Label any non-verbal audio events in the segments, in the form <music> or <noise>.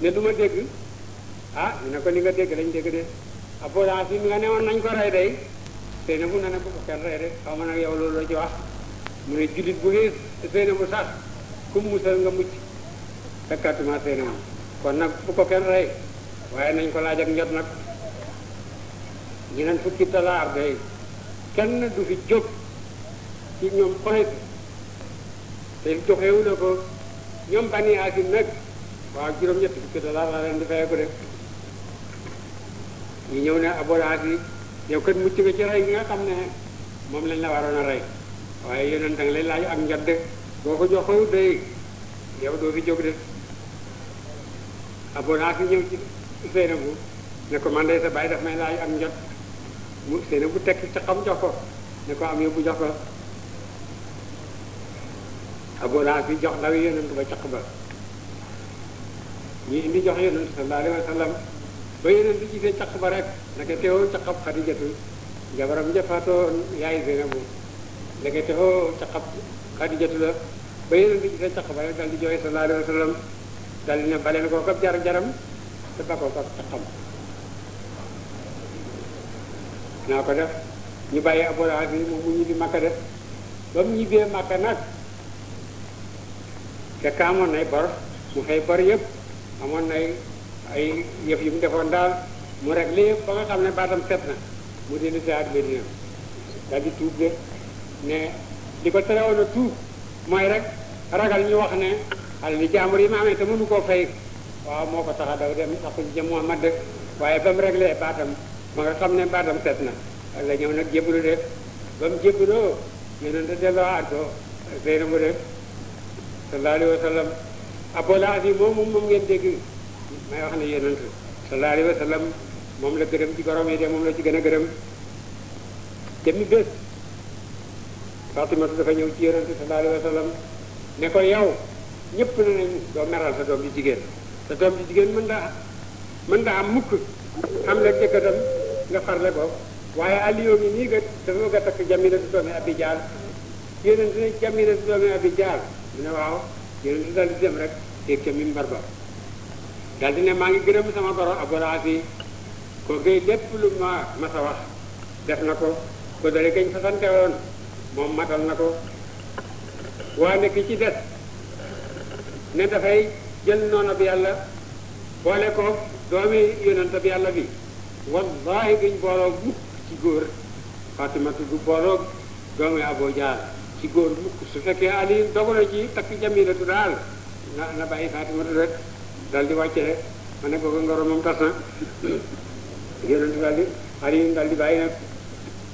ne duma ma dégg ah ñu ko li nga dégg lañ dégg de Abu Lahab nga newoon nañ ko rey day Seynabu ne ne ko ko kenn rey de xaw ma nag yow loolu la ci wax mu ne jullit bu xiis Seynabu sax kum musal nga mucc fekkatuma Seynabu kon nag bu ko kenn rey waaye nañ ko laaj ak njot nag ñu neen fukki talaar day kenn du fi jóg ci ñoom xoolit te doxewu la ko ñoom bani Haasim nag waaw juróom-ñett fukki dollar laa leen di fayeeku de ñu ñëw ne abolaas yi yow kat mucc nga ci rey gi nga xam ne moom lañ la waroon a rey waaye yeneen da nga laaj ak njot de boo ko jox koy doy yow doo fi jóg de abolaas yi ñëw ci seen bu ne ko man day sa bàyyi daf may laaj am njot mu seen bu tekk ci xam jox ko ne ko am yóbbu jox ko abolaas bi jox ndaw yeneen ba caq ba ñu indi jox yonent sallallahu alayhi wa sallam ba yonent gisee caq ba rek naka teewoo caqab xadijatu jabaram jafaatoon yaay Zeynabu naka teewoo caqab xadijatu la ba yonent gisee caq ba rek dal di jooy sallallahu alayhi wa sallam dal di ne baleen koo kab jar jaram te bakoo kab caqam naa ko def ñu bàyyi Abu yi moom mu ñibbi Makka def ba mu ñibbee Makka nag te kaamoon nay bor mu fay bor yëpp amoon na ay ay yëf yu mu defoon daal mu rek li yëpp ba nga xam ne baatam set na mu dellu si ak Medina daal di tuub de mais li ko terewoon a tuub mooy rek ragal ñu wax ne alal li jaambur yi ma amee te mënu koo fay waaw moo ko tax a daw dem sax jëm Muhammad de waaye ba mu réglé baatam ba nga xam ne baatam set na ak la ñëw nag jébbalu de ba mu jébbaloo yonente delloo àddoo Seydou Mbodé sallallahu alayhi wa sallam Abu Lahab yi moom moom ngeen dégg may wax ne yonent sallallahu alayhi wa moom la gërëm ci borom yi de moom la ci gën a gërëm jëmmi bés Fatimatu dafa ñëw ci yonent sallallahu alayhi wa sallam ne ko yow ñëpp ne nañ doo meral sa doom ji jigéen sa doom ji jigéen mën daa mën daa am mukk am la jëkkatam nga farle ko waaye Aliou mi nii kat dafa bëgg a takk Jamila su doomi Abi Jahl yonent ne Jamila su doomi Abi Jahl mu ne waaw yéen di daal di dem rek yéeg ca minbar ba daal ne maa ngi gërëm sama borom aboraas yi koo gay lépp lu ma mas a wax def na ko ko dale gañ fa sante moom matal na ko waa ne ci des ne dafay jël noonu bi yàlla boole ko doomi yonent bi yàlla bi wallahi duñ booloo mukk ci góor Fatimatu du booloo doomi Abu ci góor mukk su fekkee Ali dogu na ci takk jamilatu daal na na bàyyi Fatimatu rek daal di wàccee ma ne ko ngoro tas na yonent daal di Ali bàyyi nag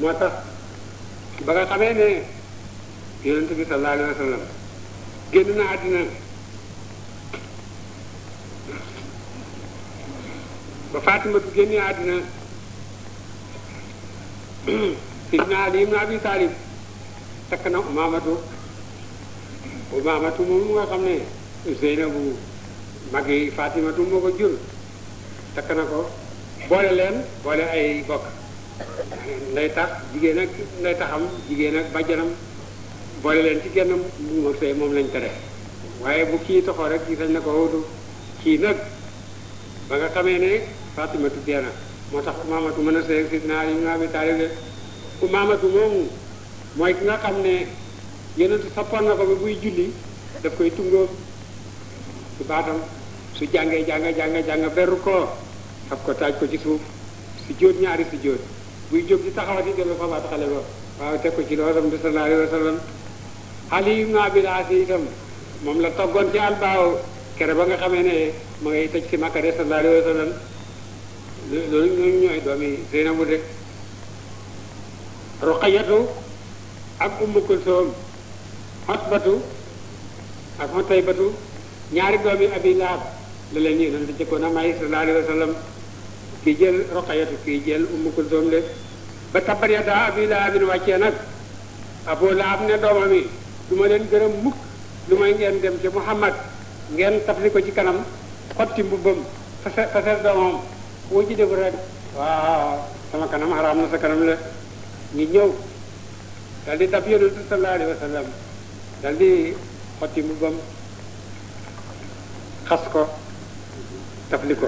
moo tax ba nga xamee ne yonent bi sallallahu alayhi na àddina ba Fatimatu génnee àddina sidna Ali ibn takk na Umaamatu Umaamatu moom nga xam ne Zeynabu mag yi Fatimatu moo ko jur takk na ko boole leen boole ay bokk nday tax jigéen ak nday taxam jigéen ak bàjjanam boole leen ci kenn moom lañ tere waaye bu kii toxo rek gis nañ ne ko wóodu kii nag ba nga xamee ne Fatimatu dee na moo tax Umaamatu mën a sëy si naa yi naa bi taalibe Umaamatu moomu mooy ki nga xam ne yonent soppoon na ko bi buy julli daf koy tungóom ci baatam su jàngee jànga jànga jànga berru ko fab ko taaj ko ci suuf si jóot ñaari si jóot buy jóg di taxawati deme fabaat xale ko waaw teg ko ci loosam bi sallallahu alayhi wa sallam Ali ibn Abil As itam moom la toggoon ci albaaw kere ba nga xamee ne ma tëj ci Makka de sallallahu alayhi wa sallam loolu ñooy doomi Zeynabu rek Ruqayatu ak ummu kulsoom xotbatu ak xotaybatu ñaari doomi abi laab la leen yonent bi jëkkoon a may sallallahu alayhi kii jël roqayatu kii jël ummu kulsoom de ba tabbat yadaa abi wàccee nag abu laab ne doomam yi du ma leen gërëm mukk lu may ngeen dem ci muhammad ngeen tafli ko ci kanam xotti mbubbam fase fasel doomam woo ci dégul rek waaw sama kanam xaraam na sa kanam la ñu ñëw dal di tab yonentu sallallahu alayhi wa xotti mu bam xas ko tafli ko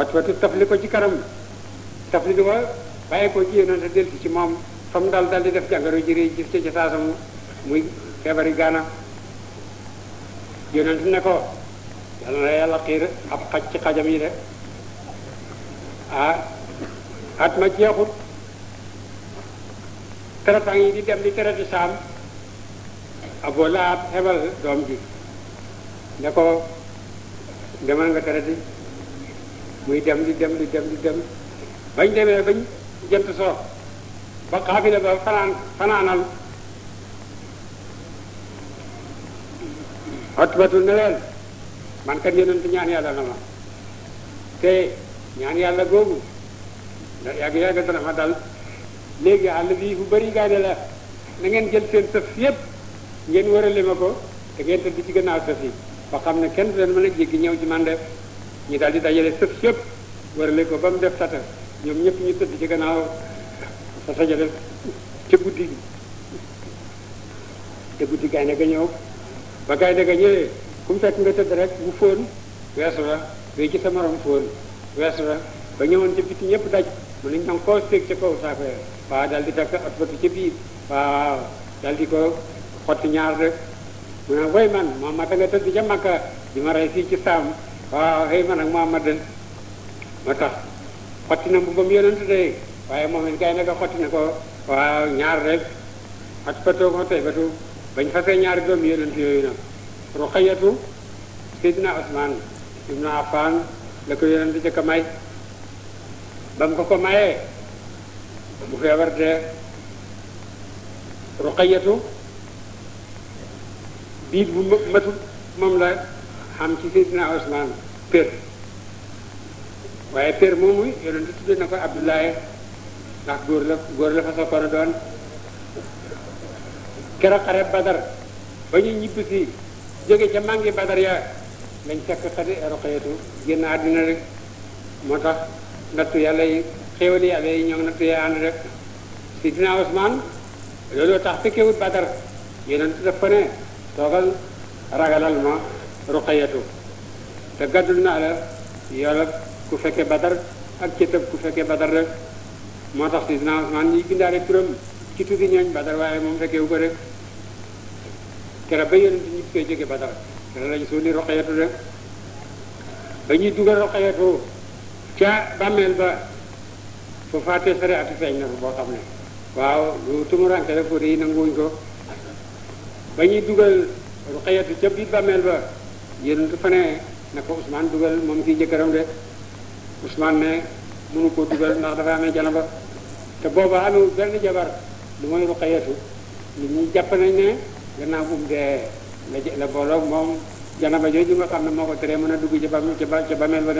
xot watu tafli ko ci kanam tafli ko bàyyi ko ci yonente delsi ci moom fa mu dal dal di def jàngoro jëri gis ci ci mu muy feebari gaana yonente ne ko yàlla na yàlla xiir ab xaj ci xajam yi de ah at ma jeexut traitants yi di dem di traité saam Abu Lahab xebal doom ji ne ko demal nga traité muy dem di dem di dem di dem bañ demee bañ jënt soo ba xaabila ba fanaan fanaanal xotbatul ne leen man kat yonent ñaan yàlla na ma te ñaan yàlla googu yàgg yàgg dana ma dal léegi àll bii bu bëri gaane la na ngeen jël seen sëf yépp ngeen wërale ma ko te ngeen tëdd ci gannaaw sëf yi ba xam ne kenn du leen mën a jéggi ñëw ci man def ñu daal di dajale sëf yépp wërale ko ba mu def sata ñoom ñëpp ñu tëdd ci gannaaw sa sajale ci ca guddi gi te guddi gaynde ga ñëw ba gaynde ga ñëwee ku mu fekk nga tëdd rek bu fóon weesu la wéy ci sa morom fóon weesu la ba ñëwoon ca biti ñëpp daj mu ne ñoom koo séeg ca kaw saako waaw daal di takk ak ko xotti ñaar rek mu ne way man Muhammad nga tëdd ca Makka di ma rey fii ci saam waaw xëy man ak Muhammad moo tax xotti na mbubbam yonent de waaye moom it gay naka xotti na ko waaw ñaar rek ak fëttoo ko tey batu bañ fasee ñaari doomu yonent yooyu nag Ruqayatu Sidna Usman ibnu Affan la ko yonent ca may ba mu ko ko mayee bu feebar te ruqayatu biit bu matul moom la xam ci Seydina Usmaan pér waaye pér moomu yonente tudde na ko Abdoulaye ndax góor la góor la fa soppoon a doon keroog xare Badar ba ñu ñibbi si jóge ca mangi Badar ya lañ fekk xadi Ruqayatu génn àddina rek moo tax nattu yàlla yi xéewal yàlla yi ñoom nattu yee ànd rek sidina Usmaan looloo tax fekkewut Badar yonent daf ko ne toogal ragalal ma ruqayatu te gàddul naa la yoola ku fekke Badar ak cëtëb ku fekke Badar rek moo tax sidina Usmaan ñi bindaale turam ci tuddi ñooñ Badar waaye moom fekkewu ko rek keroog ba yonent ñi koy jóge Badar keroog lañ suuli ruqayatu rek ba ñuy dugal ruqayatu ca bàmmeel ba fu fàtte sare ati feeñ na fa boo xam ne waaw lu tumuranke rek pour yi nanguwuñ ko ba ñuy dugal ruqayatu ca biir bàmmeel ba yéen fa ne na ko Ousmane dugal moom kii jëkkëram de Ousmane ne mënu ko dugal ndax dafa amee janaba te booba amewul benn jabar lu mooy ruqayatu nit ñi jàpp nañ ne gannaaw bu mu dee la la booloog moom janaba jooju nga xam ne moo ko teree mën a dugg ca ba ci ba ca bàmmeel ba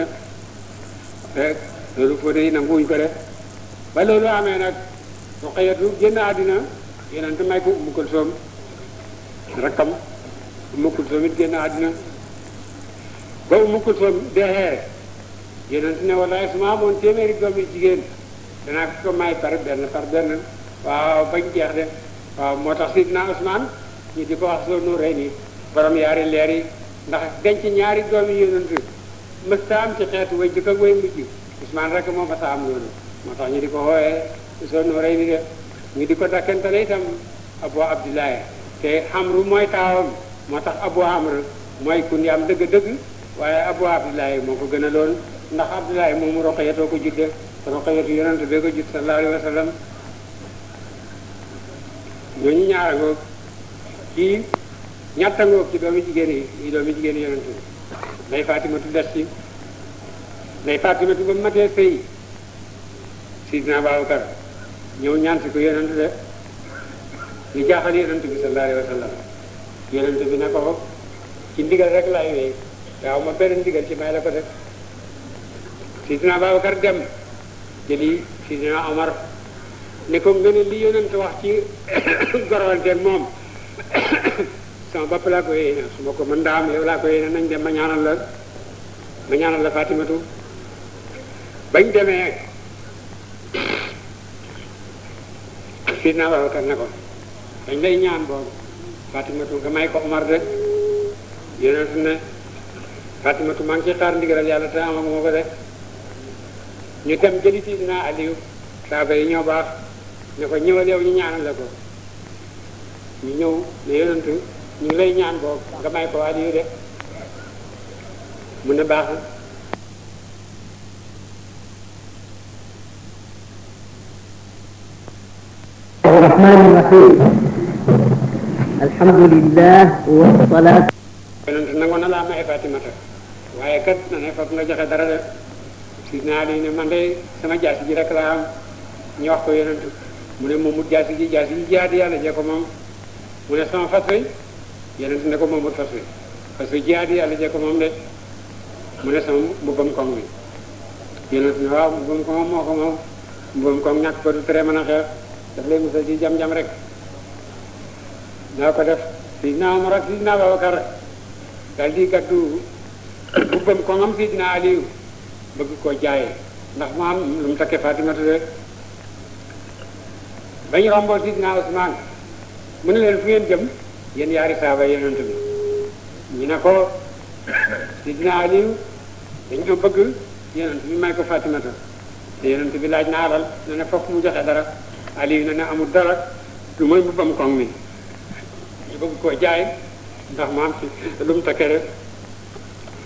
de loolu foo de nanguwuñ ko de ba loolu amee nag Ruqayyatu génn àddina yonent may ko Ummu Kulsum rakkam Ummu Kulsum it génn àddina ba Ummu Kulsum dexee yonent ne wallaay su ma amoon téeméeri doom yi jigéen danaa ko may par benn par benn waaw bañ jeex de waaw moo tax Sidna Usmaan ñu di ko wax soo nu rey nii borom yaari leer yi ndax denc ñaari doomi yonent mësta am ci xeetu way jëkk ak way mujj Usmaan rek moo fa sa am loolu moo tax ñu di ko wooyee soo nooray bi de ñu di ko dakkantale itam abu abdullahi te xamru mooy taawam moo tax abu amr mooy kundi am dëgg-dëgg waaye abu abdullahi moo ko gën a lool ndax abdullahi moomu roqayatoo ko judde roqayatu yonent bee ko judd sallallahu alayhi wa sallam ñooñu ñaara ngoog ci ñatta ngoog ci doomi jigéen yi yi doomi jigéen yi yonent bi day fatimatu des ci day fatimatu ba matee sëy Sidna Babacar ñëw ñaan si ko yonent de ñu jaaxal yonent bi sallallahu alayhi wa sallam bi ne ko ci ndigal rek laay wéy waaw ma benn ndigal ci may la ko def Sidna Babacar dem jëli Sidna Omar ne ko nga ne li yonent wax ci <coughs> gorwanteen moom <coughs> sama bopp laa ko yéene su ma ko mën daa am yow laa ko yéene nañ dem ma ñaanal la ma ñaanal la Fatimatu bañ demee Sidna Babacar ne ko dañ lay ñaan boobu Fatimatu nga may ko Omar de yonent ne Fatimatu maa ci xaar ndigalal yàlla te amaguma ko de ñu dem jëli Sidna Aliyu saaba yi ñoo baax ne ko ñëwal yow ñu ñaanal ko ñu ñëw ne yonent ñu lay ñaan boobu nga may ko Aliyu de mu ne baax الرحمن الرحيم الحمد لله والصلاة yonent nangu na laa may Fatimata waaye kat na ne foofu nga joxe dara de sidna Ali ne man de sama jaasi ji rek laa am ñu wax ko yonent mu ne moomut jaasi ji jaasi ji jihaad yàlla jee ko moom mu ne sama fas wi yonent ne ko moomut fas wi fas wi jihaad yàlla jee ko moom de mu ne sama mbubbam koŋ bi yonent ne waaw mbubbam koŋ moo ko moom mbubbam koŋ ñàkk ko du tere mën a xeex daf lay musal ci jam-jam rek naa ko def Sidina Umar ak Sidina Abubakar dal di gàddu bubbam ko ngam Sidina Aliyu bëgg koo jaayee ndax mu am lu mu takkee Fatimatu rek bañ romboo Sidina Usmaan mu ne leen fu ngeen jëm yéen yaari saaba yonent bi ñu ne ko Sidina Aliyu dañ ko bëgg yonent bi may ko Fatimatu te yonent bi laaj na alal ne ne fokk mu joxe dara Aliou na ne amul dara lu mooy mbubbam koŋ mi ñu bëgg koo jaay ndax mu am ci lu mu takkee rek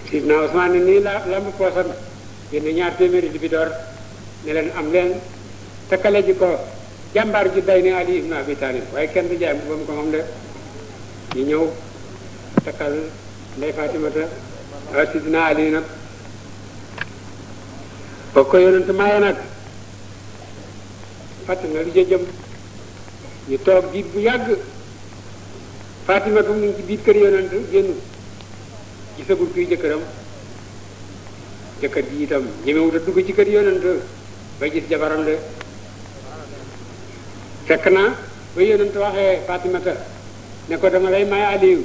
sidna Ousmane nii la lamb poosam génn ñaar téeméeri libidoor ne leen am leen takkale ji ko jàmbaar ji day ne Ali ibn Abi waaye kenn du jaay mbubbam koŋam de ñu ñëw takkal Ndey Fatimata ah, sidna Ali nag ba ko yonent maye nag fàtte na lu ca jëm ñu toog diit bu yàgg Fatima ba mu ngi ci biir kër yonent génn gisagul kuy jëkkëram jëkkër ji itam ñemewut a dugg ci kër yonent ba gis jabaram de fekk na ba yonent waxee Fatimata ne ko dama lay may Aliou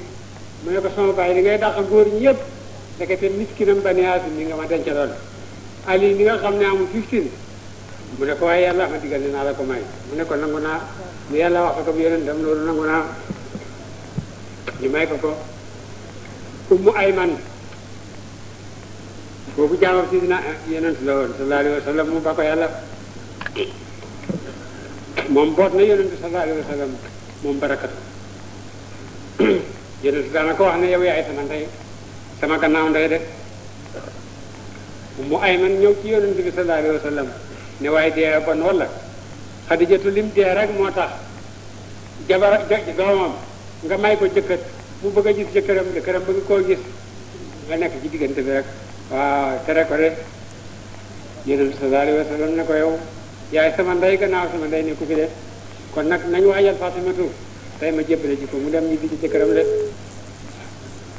mu ne ko sama baay li ngay dàq góor ñëpp ndekete miskinam ba ni Haasim li nga ma dencaloon Aliou li nga xam ne amul fifteen mu ne ko waaye yàlla ma digal ne naa la ko may mu ne ko nangu naa mu yàlla wax ko bu yonentam loolu nangu naa ñu may ko ko si dina yonent la woon sallallahu alayhi wa sallam mu ba ko yàlla moom boot na yonent sallallahu alayhi wa sallam moom barakatu <coughs> yonent ne yow yaay sama ndey de ummu ayman ñëw ci yonent bi ne waaye dee bon wala xadijatu lim dee rek moo tax jabar ja doomam nga may ko jëkkër mu bëgg a gis jëkkëram jëkkëram bëgg koo gis nga nekk ci diggante bi rek waaw tere ko de yonent sallallahu alayhi wa sallam ne ko yow yaay sama ndey gannaaw sama ndey ne ku de kon nag nañ waajal Fatimatu tey ma jébbale ji ko mu dem ñibbi ci jëkkëram de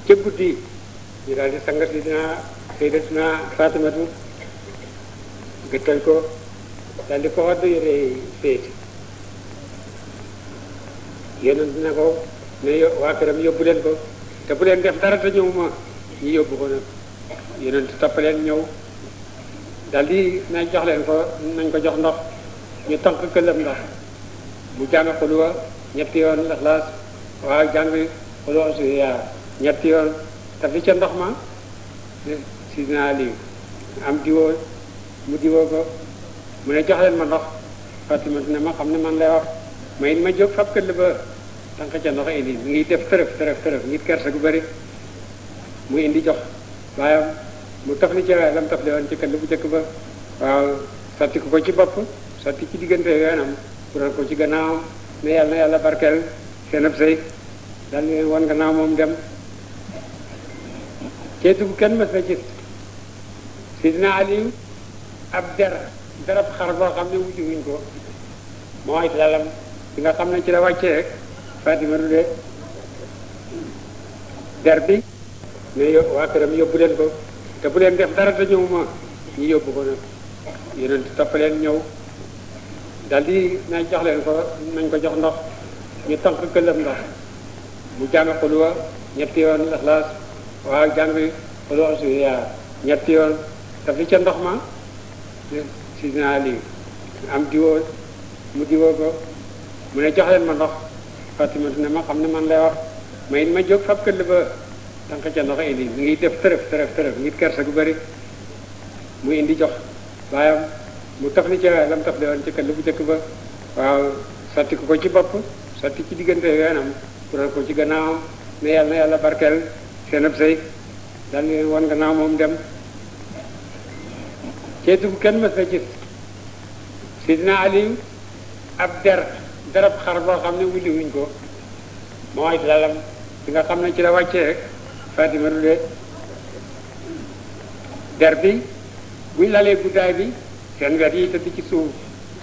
ca guddi ñu daal di sangat li dinaa Sayyidatuna Fatimatu ko daal ko wadd yére yi féeti yonent ne ko ne waa këram yóbbu leen ko te bu leen def dara te ñëw ma ñu yóbbu ko nag yonent topp leen ñëw daal di jox leen ko nañ ko jox ndox ñu tànk këlëm ndox mu jàng xuluwa ñetti yoon laxlaas waa jàng xuluwa su yaa ñetti yoon te fi ca ndox ma si naa lii am diwoo mu diwoo ko mu ne jox leen ma ndox Faatimatu na ma xam ne man lay wax may ma jóg fab këll ba tànq ca ndox indi mi ngi def tërëf tërëf tërëf ngir kersa gu bëri mu indi jox waaye mu tax li ci lam taf li woon ci këll bu njëkk ba waaw sotti ko ko ci bopp sotti ci diggante yoonam pural ko ci gannaaw ne yàlla na yàlla barkeel seen ab sëy dal leen woon gannaaw moom dem cee dugg kenn ma na gis sidina Aliou ab dera darab xar boo xam ne wujj wuñ ko moo it lalam bi nga xam ne ci la wàcce rek Fatima dudee der bi mais waa këram yóbbu leen ko te bu leen def dara te ñëw ma ñu yóbbu ko nag yonent topp ñëw dal di nañ jox leen ko nañ ko jox ndox ñu tànk këlëm ndox mu jàng xuluwa ñetti yoon laxlaas waa jàng xuluwa suy yaa ñetti yoon te fi ca ndox ma Sidina Ali am diwoo mu diwoo ko mu ne jox leen ma ndox Fatimatu ne ma xam ne man lay wax may ma jóg fab këll ba tànk ca ndox indi ngi def tërëf tërëf tërëf ngir kersa gu bari mu indi jox baayam mu taf li ca lam taf li woon këll bu njëkk ba waaw sotti ko ci bopp sotti ci diggante weenam tural ko ci gannaawam ne yàlla na yàlla barkeel seen ab sëy daal leen woon gannaaw moom dem ceetu bu kenn mës a gis sidna aliyu ab der derab xar boo xam ne wulli wuñ ko mooy lalam bi nga xam ne ci la wàccee rek Fatima Rulé der bi buñ lalee guddaay bi seen wet yi tëdd ci suuf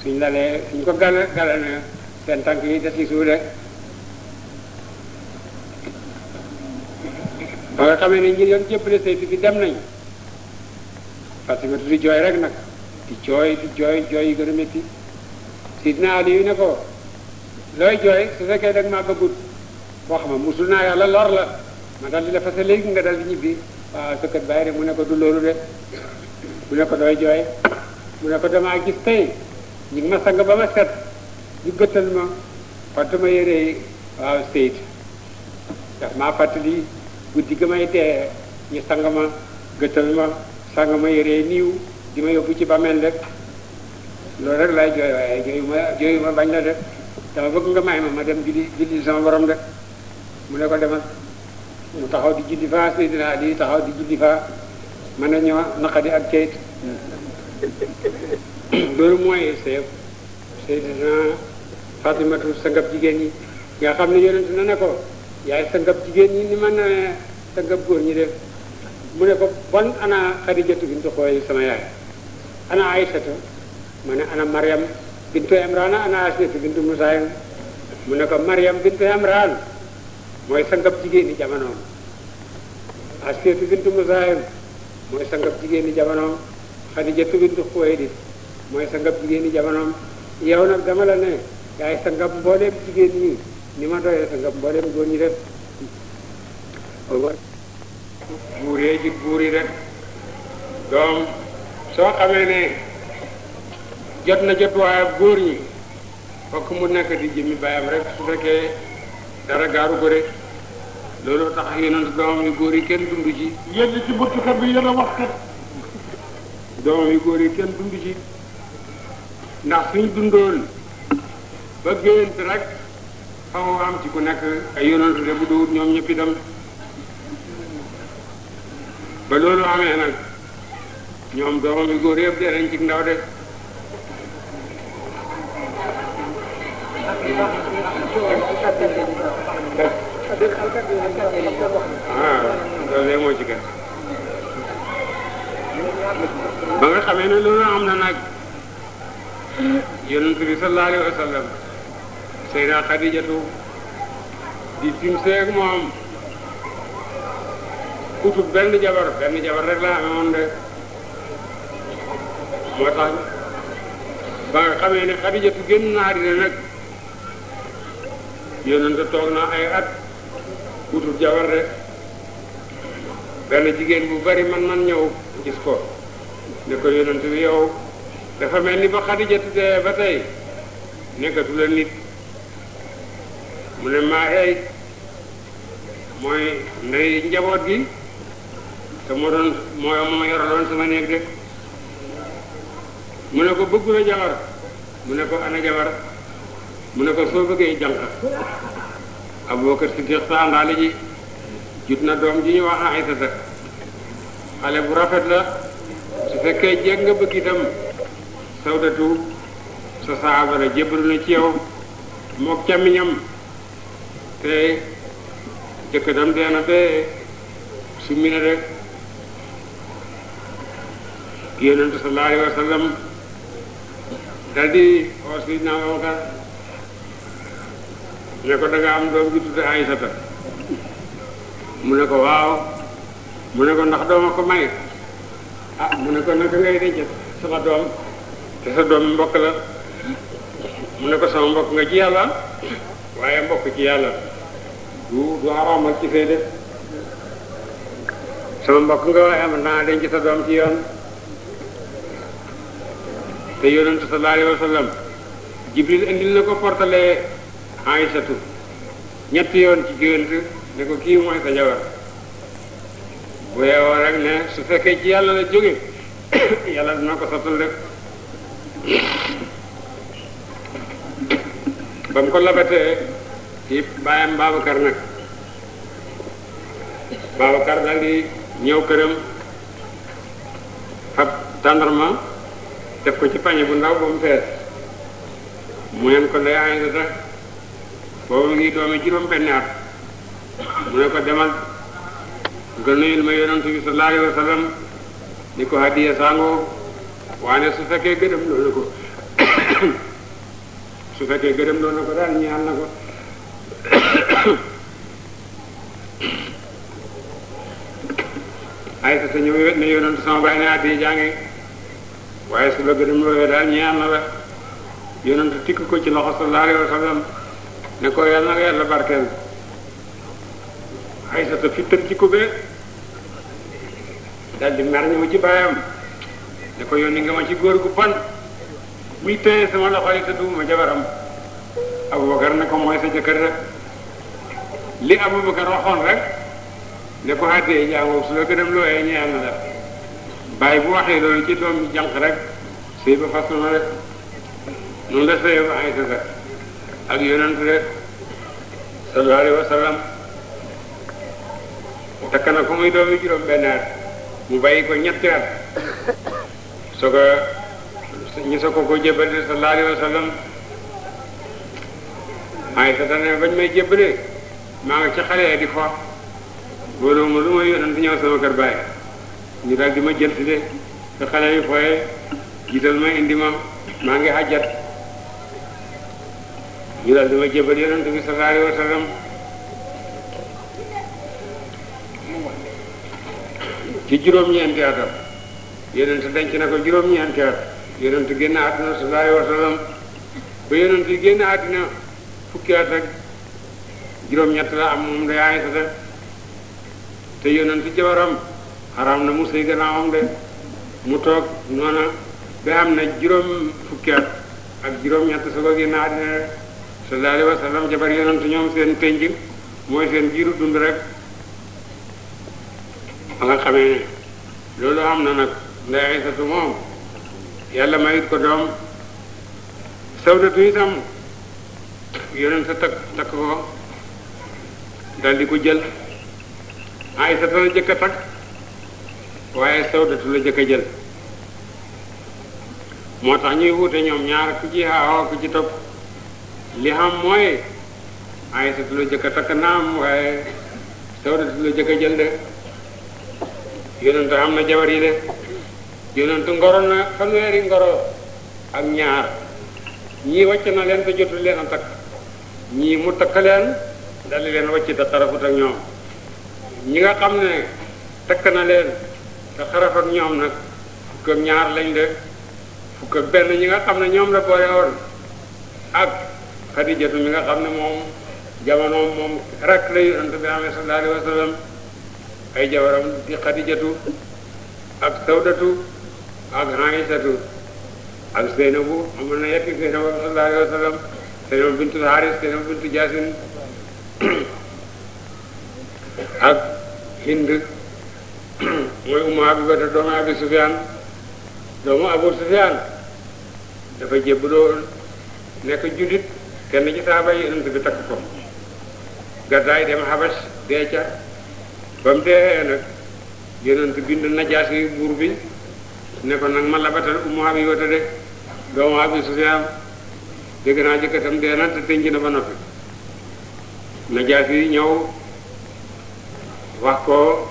suñ lalee suñ ko gala gala na seen tànk yi tëdd ci suuf de ba nga xam ne ngir yoon jéppale saytu bi dem nañ Fatimatu di jooy rek nag di jooy di jooy jooy yi gën a métti Sidna Ali ne ko looy jooy su fekkee dag maa bëggut boo xam ne musul naa yàlla lor la ma dal di la fase léegi nga dal di ñibbi waaw sa kër bàyyi de mu ne ko du loolu de mu ne ko dooy jooy mu ne ma sang ba ma set ñu gëttal ma xottu ma yére yi waaw seyit daf maa fàttali guddi ga may dee ñu sang ma gëttal ma sanga ma yëree niiw di ma yóbbu ci bàmmeel rek loolu rek laay jooy waaye jooyu ma bañ la de dama bëgg nga may ma ma dem julli julli sama borom rek mu ne ko demal mu taxaw di julli fa naa di taxaw di julli fa mën a ñoo naqadi ak ceyt <coughs> loolu mooy seef Seydina Fatimatu sangab jigéen ñi nga xam ne yonent na ne ko yaay sangab jigéen ñi ni mën na sangab góor ñi def mu ne ko bon ana xadijatu bintu xooy sama yaay ana aysatu mu ne ana mariam bintu imrana ana asiyatu bintu musaayam mu ne ko mariam bintu imran mooy sangab jigéeni jamonoom asiyatu bintu musaayam mooy sangab jigéeni jamonoom xadijatu bintu xooy di mooy sangab jigéeni jamonoom yow nag dama la ne yaay sangab mbooleem jigéen ñi ni ma doyee sangab mbooleem góor ñi def buuree ci buur yi rek donc soo xamee ne jot na jot waaye góor yi fokk mu nekk di jëmmi baayam rek su fekkee dara gaaru ko de looloo tax yonent doomam yi kenn dund ci yéen ci bëttukat doomam yu góor yi kenn dund ci ndax suñ dundoon ba gént rek faw am ci ku nekk ay yonent de bu dowut ñoom ñëpp itam ba loolu amee nag ñoom doomam yu góor yëpp dee nañ ci ndaw de ah loolu moo ci gën ba nga xamee loolu am na nag yonent bi sallallahu alayhi wa sallam Sayyidat Xadijatu di fim moom utul benn jabar benn jabar rek laa amoon de moo tax ba nga xamee ne xadijatu génn na àddina nag yonente toog na ay at utul jabar rek benn jigéen bu bari man man ñëw gis ko ne ko yonente bi yow dafa mel ni ba xadijatu dee ba tey nekkatu la nit mu ne maa eey mooy ndey njaboot gi te moo doon moo ma yoraloon sama néeg de mu ne ko bëggu la mu ne ko ana jabar mu ne ko soo bëggee jànq Abubakar Siddiq sa àndaale ji jut na doom ji ñu wax Aysata xale bu rafet la su fekkee jeeg nga bëgg itam sawdatu sa saaba la jébbalu na ci yow moog càmmiñam te jëkkëram dee na bee su mi ne yonent sallallahu alayhi wa sallam dal di oo Seydina Abubakar ne ko da am doom ju tudd Aysata mu ne ko waaw mu ne ko ndax dooma ko may ah mu ne ko naka ngay denc sama doom te sa doom mbokk la mu ne ko sama mbokk nga ci yàlla waaye mbokk ci yàlla du du araamal ci fee sama mbokk nga waaye am naa denc sa doom ci yoon te yonent sallallahu alayhi wa sallam jibril indil na ko portale Aysatu ñetti yoon ci gént ne ko kii mooy sa jabar bu yeewoo rek ne su fekkee ci yàlla la jóge <coughs> yàlla dina ko sottal rek <coughs> ba mu ko labatee ci bàyyam Babacar nag Babacar daal di ñëw këram fab tàndarma def ko ci pañe bu ndaw ba mu fees mu neen ko lay Aysata boobu ngi doomi juróom benn at mu ne ko demal nga nuyul ma yonent bi sallallahu alayhi ni ko hadiya waane su fekkee gërëm loo ko su fekkee gërëm na ko daal ñaan na ñëw ne yonent sama baay ne hadiya jaa ngi waaye su la gërëm looyee daal ñaan na la yonent tikk ko ci loxo sallallahu alayhi wa sallam ne ko yàlla na yàlla barkeel ci kube daldi ne ko yónni nga ma ci góor gu bon muy téye sama loxo yi te duuma jabaram Abubakar ne ko mooy sa jëkkër rek li Abubakar waxoon rek ne ko àddee jàngoo su la gërëm looyee ñaan na la bàyyi bu waxee loolu ci doom jànq rek sëy ba fas na rek noonu la sëy ba ay sasa ak yonent rek sallallahu alayhi wa takk na ko muy doomi juróom benn mu bàyyi ko ñetti at soo ko ñu soo ko ko jébbalee sallallahu alayhi wa sallam ay sasa ne bañ may jébbalee maa nga ci xale di fo booloo ma lu may yonent ñëw sama kër bàyyi ñu daal ma jël si de te xale yi fooye jiital ma indi ma maa ngi hajjat ñu daal ma jébal yonent bi sallallahu alayhi wa ci juróom-ñeenti atam yonent denc ko juróom-ñeenti at yonent génn àddina sallallahu alayhi wa ba yonent yi génn àddina fukki at ak juróom-ñett la am moom day aayata te yonent jabaram xaram na mu sëy gannaawam de mu toog noona ba am na juróom fukki ak juróom-ñett su ko génn àddina rek sallallahu alayhi wa sallam jabar ñoom seen tënj mooy seen jiiru dund rek ba nga xamee loolu am na nag ndey Aysatu moom yàlla mayit ko doom sawdatu itam yonent sa takk takk ko dal di ko jël Aysatu la jëkk a takk waaye sawdatu la jëkk a jël moo tax ñuy wuute ñoom ñaar ku ci xaawa ci topp li xam mooy aysatu la jëkk a takk naam la jëkk jël de yonentu am na jabar yi de yonentu ngoro na fanweeri ngoro ak ñaar ñii wacc na leen te jotul leen a takk ñii mu takk leen dali leen wàcc te xarafut ak ñoom ñi nga xam ne takk na leen te xaraf ak ñoom nag fukk ak ñaar lañ de fukk ak benn ñi nga xam ne ñoom la boole woon ak xadijatu mi nga xam ne moom jamonoom moom rek la yonent bi amee sallallahu alayhi wa sallam ay di xadijatu ak sawdatu ak aïsatu ak zeynabu amoon na yetti zeynabu sallallahu alayhi wa sallam bintu haris zeynabu bintu jasin ak hind mooy ummu Habiba doomu Abi Sufyaan doomu Abu Sufyaan dafa jébbaloo nekk jullit kenn ci saaba yi bi takk ko gàddaay dem Xabas dee ca ba mu dee nag yonent bind Najaasi buur bi ne ko nag ma labatal ummu Habiba de doomu Abi Sufyaan dégg naa jëkkatam dee na te tënj ba noppi Najaasi ñëw wax ko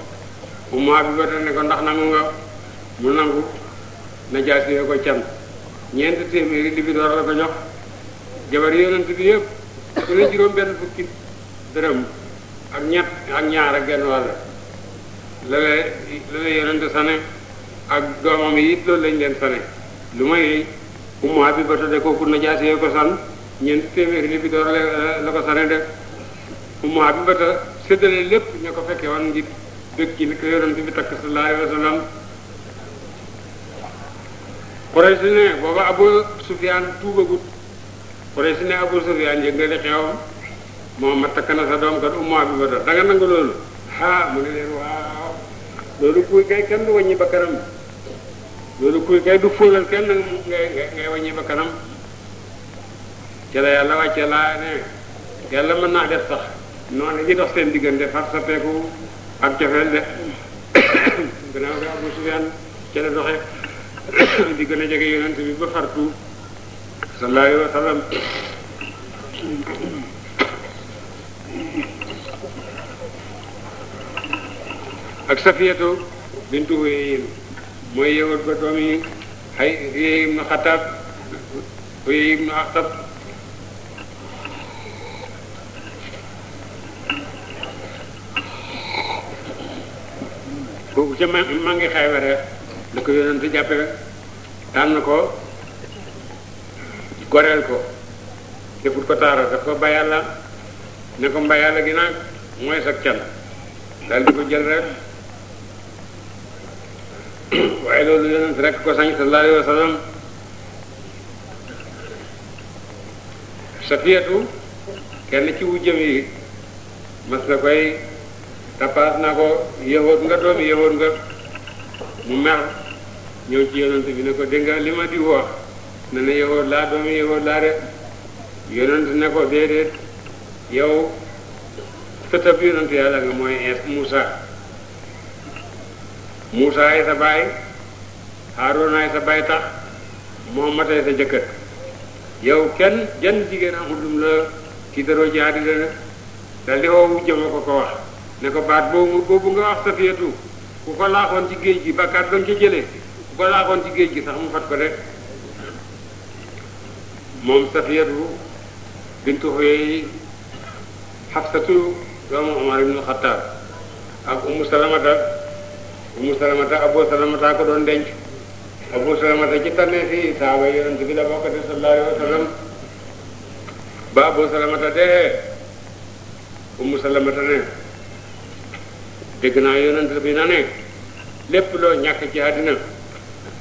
umma bi ba ne ko ndax nangu nga mu nangu najaasi ne ko can ñeent téeméeri libi door la ko jox jabar yonent bi yëpp ku ne juróom benn fukki dërëm ak ñett ak ñaar ak genn wàll la la la la sane ak doomam yi it loolu lañ leen sane lu may umma bi ba de kooku najaasi ne ko san ñeent téeméeri libi door la la ko sane de umma bi ba séddale lépp ña ko fekkee woon ngi dëkkin ko yonent bi takk sallallahu alayhi wa sallam Quraysh ne booba Abu Sufyaan tuubagut Quraysh ne Abu Sufyaan yëg nga li xewam Muhammad takk na sa doom kat Ummu Abi Bakr da nga nangu loolu ah mu ne leen waaw loolu kuy kay kenn du ba kanam loolu kuy kay du fóolal kenn ngay ngay wàññi ba kanam ci la yàlla wàcce laa ne yàlla mën naa def sax noonu ji dox seen diggante far sa peeku ak cofeel de <coughs> gannaaw ga Abu Sufyaan ca la <coughs> di gën a jege yonent bi ba fartu sallallahu alayhi wa sallam ak Safiyatu bintu Huyayyin mooy yewat ba doomi Huyayy ibnu Xattaab Huyayy ibnu Axtab bu ca ma ngi xeebare la ko yonent jàppe tànn ko goreel ko defut ko taara daf ko bayàlla ne ko mbayàlla gi nag mooy sag can daal di ko jël rek <coughs> waaye loolu yonent rek ko sañ sallallahu alayhi wa sallam safiyatu kenn ci wujjam yi mas na koy tapaas na ko yëwoot nga doom yëwoot nga mu mer ñëw ci yonent bi ne ko dégg li ma di wax ne na yëwoot laa doom yëwoot laa de yonent ne ko déedéet yow sëtëb yonent yàlla nga mooy es Musa Musa ay sa baay Haaruna ay sa baay tax moo matee sa jëkkër yow kenn jenn jigéen amul dum la tiitaroo ci àddina daal di woowu jëma ko ko wax ne ko baat boobu boobu nga wax safiyatu ku ko laaxoon ci géej gi bakkaat ba nga ca jëlee ku ko laaxoon ci géej gi sax mu fat ko de moom safiyatu bintu Huyay Xafsatu doomu Umar ibnu Xattaab ak Umu Salamata Umu Salamata Abu Salamata ko doon denc Abu Salamata ci tànnee fi saaba yonent bi la bokk de sallallahu Salamata dee Umu Salamata ne dégg naa yonent bi na ne lépp loo ñàkk ci àddina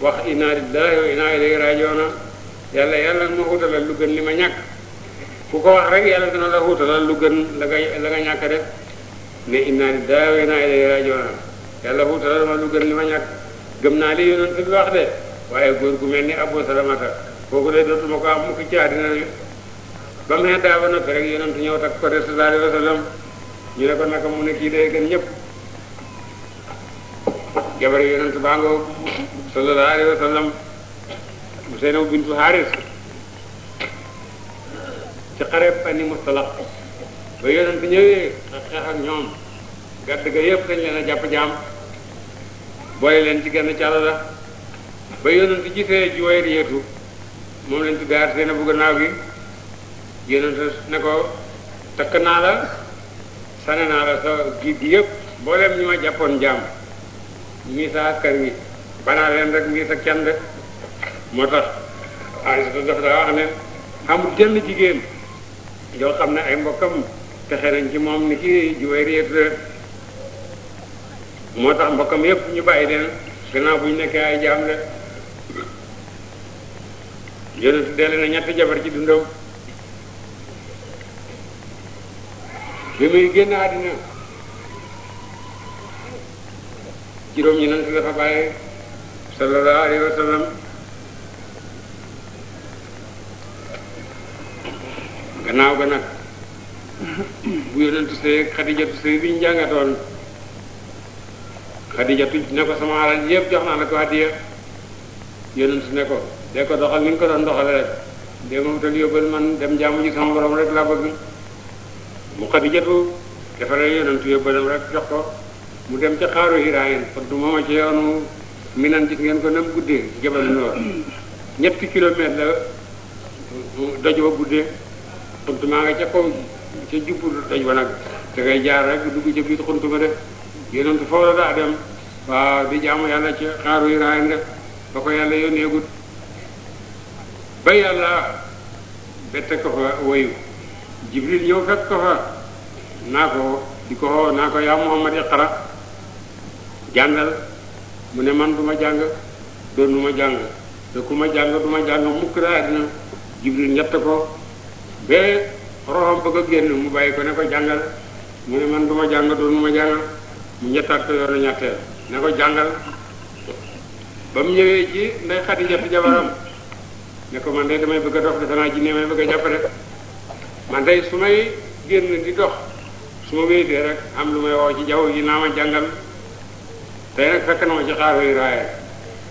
wax inna lillahi wa inna ilayhi raji'un yàlla yàlla ma wutalal lu gën li ma ñàkk ku ko wax rek yàlla dina la wutalal lu gën la nga la nga ñàkk def ne inna lillahi lu gën li ma ñàkk gëm naa li yonent bi wax de waaye góor gu mel ni Abu Salamata kooku de dootuma ko am mukk ci àddina ba mu ne daa ba rek yonent ñëw takk ko de sallallahu ñu ne ko naka mu ne kii day gën ñëpp jabar yonent baa ngoo sallallahu alayhi wa sallam mu ci xareb Bani Mustalaq ba yonent ñëwee xeex ak ñoom gàdd ga yëpp dañ leen a jàpp jaam boole leen ci genn càlla la ba yonent gisee Juwayriya yeetu moom lañ ci gaar seen bu gannaaw gi yonent ne ko takk naa la sane naa la sa gi gi yëpp mbooleem ñu ma jàppoon jaam ñii sa askan wi banaa leen rek ngir sa kenn de moo tax Aysatu dafa daa wax ne amul jenn jigéen yoo xam ne ay mbokkam texe nañ ci moom ni ki Juwayriya moo tax mbokkam yépp ñu bàyyi leen gannaaw bu ñu nekkee ay jaam de yonent delle na ñetti jabar ci dundam bi muy génn àddina juróom yi nañ fi dafa bàyyee sallallahu alayhi wa gannaaw bu yonentu sëy xadijatu sëy bi ñu jàngatoon xadijatu ne ko sama alal yëpp jox naa la ko hadiya yonentu ne ko de ko doxal ni nga ko doon rek de ma man dem jaamu ji sama borom rek laa bëgg mu xadijatu defaral yonentu yóbbalam rek jox ko mu dem ca xaaru hiraayin fag du mooma ci yoonu minan ngeen ko nam guddee jabal noor ñetti kilomètre la doj wa guddee xuntuma nga ca kaw ca jubbu doj wa nag da ngay jaar rek dugg ca biir xuntuma de di jaamu yàlla ci xaaru hiraayin de ba ko yàlla ba yàlla bette ko fa woyu jibril ñëw fekk ko fa naa ko di ko naa ko yaa Muhammad iqra jàngal mu ne man du ma jàng doon du ma jàng te ku ma jàng du ma jàng mukk daa àddina jibril ñett ko ba roxam bëgg a génn mu bàyyi ko ne ko jàngal mu ne man du ma jàng doon du ma jàng mu ñettaat ko yoonu ñetteel ne ko jàngal ba mu ñëwee ci nday xati jot jabaram ne ko man de damay bëgg a dox defe naa jinne may bëgg a jàpp rek man de su may génn di dox su ma wéytee rek am lu may woo ci jaww ji naa ma jàngal tey nag fekk na ma ci xaaru yi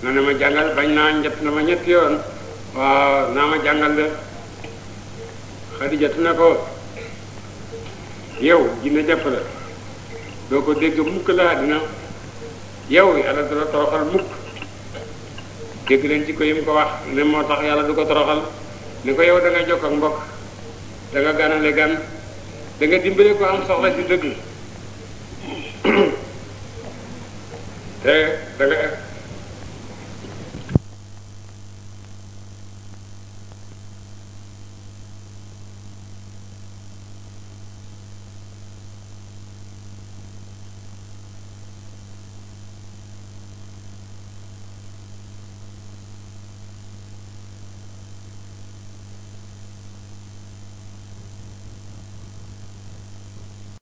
na ne ma jàngal bañ naa njëtt na ma ñetti yoon waaw naa ma jàngal de xadijatu ne ko yow jinne jàpp la doo ko dégg mukk laa dina yow yàlla du la toroxal mukk dégg leen ci ko mu ko wax ne moo tax yàlla du ko toroxal ni ko yow da nga jokk ak mbokk da nga ganale gan da nga am soxla ci dëgg te da nga